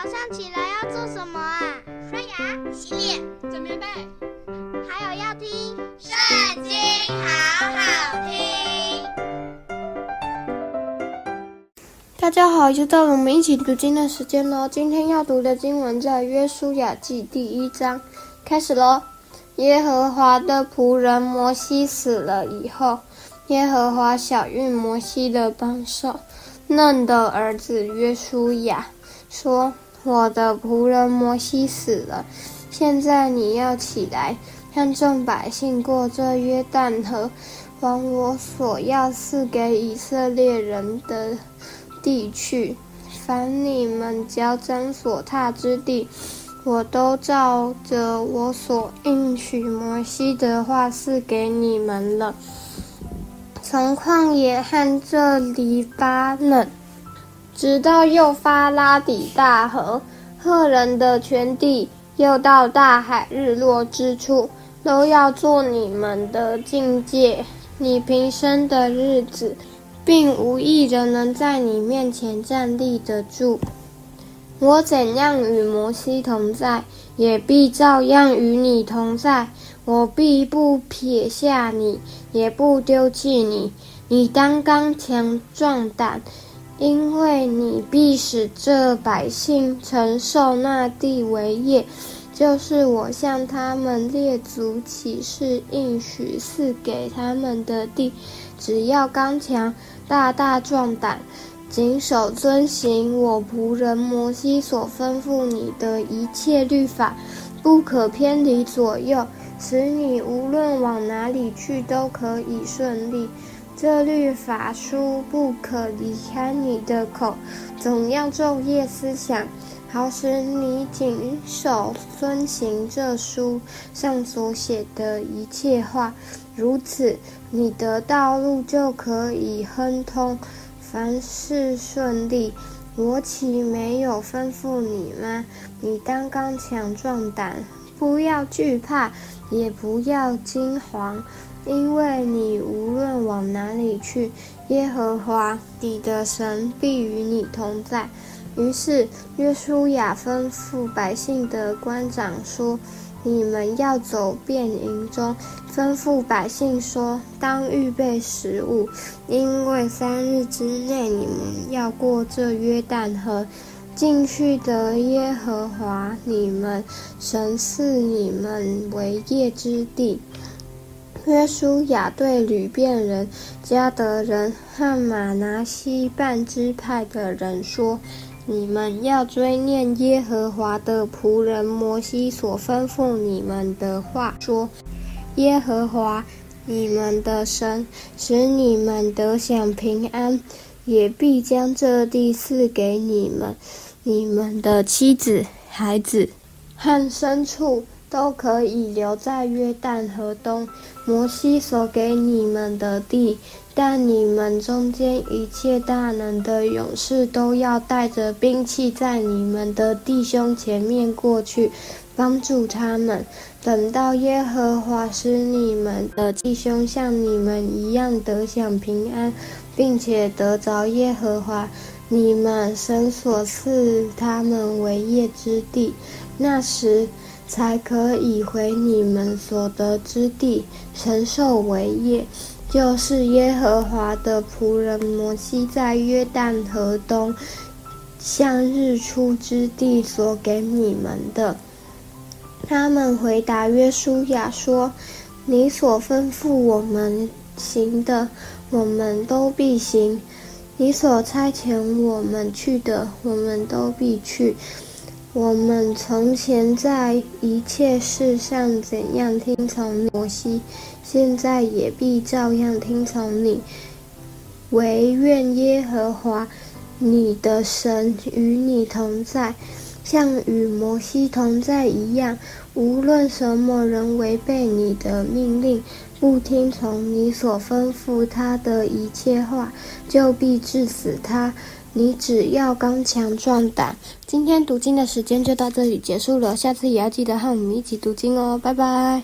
早上起來要做什麼啊？刷牙、洗臉、整棉被，還有要聽《聖經》，好好聽。大家好，又到了我們一起讀經的時間嘍。今天要讀的經文在《約書亞記》第一章，開始嘍。耶和華的僕人摩西死了以後，耶和華曉諭摩西的幫手，嫩的兒子約書亞說我的僕人摩西死了，現在你要起來，和眾百姓過這約旦河，往我所要賜給以色列人的地去。凡你們腳掌所踏之地，我都照着我所應許摩西的話賜給你們了。從曠野和這黎巴嫩。直到幼發拉底大河、赫人的全地，又到大海日落之處，都要做你們的境界。你平生的日子，並無一人能在你面前站立得住。我怎樣與摩西同在，也必照樣與你同在。我必不撇下你，也不丟棄你。你當剛強，壯膽。因為你必使這百姓承受那地為業，就是我向他們列祖起誓應許賜給他們的地。只要剛強，大大壯膽，謹守遵行我僕人摩西所吩咐你的一切律法，不可偏離左右，使你無論往哪裡去都可以順利。這律法書不可離開你的口，總要晝夜思想，好使你謹守遵行這書上所寫的一切話。如此，你的道路就可以亨通，凡事順利。我豈沒有吩咐你嗎？你當剛強壯膽，不要懼怕，也不要驚慌。因為你無論往哪裡去，耶和華你的神必與你同在。於是約書亞吩咐百姓的官長說：“你們要走遍營中，吩咐百姓說：當預備食物，因為三日之內你們要過這約旦河，進去得耶和華你們神賜你們為業之地。”約書亞對流便人、迦得人、和瑪拿西半支派的人說：“你們要追念耶和華的僕人摩西所吩咐你們的話，說：耶和華你們的神使你們得享平安，也必將這地賜給你們。你們的妻子、孩子和牲畜。”都可以留在約旦河東，摩西所給你們的地。但你們中間一切大能的勇士都要帶着兵器，在你們的弟兄前面過去，幫助他們。等到耶和華使你們的弟兄像你們一樣得享平安，並且得着耶和華你們神所賜他們為業之地，那時，才可以回你們所得之地，承受為業，就是耶和華的僕人摩西在約旦河東向日出之地所給你們的。他們回答約書亞說：“你所吩咐我們行的，我們都必行；你所差遣我們去的，我們都必去。”我們從前在一切事上怎樣聽從摩西，現在也必照樣聽從你。惟願耶和華，你的神與你同在，像與摩西同在一樣。無論什麼人違背你的命令，不聽從你所吩咐他的一切話，就必治死他。你只要剛強壯膽！今天讀經的時間就到這裡結束了。下次也要記得和我們一起讀經哦，拜拜。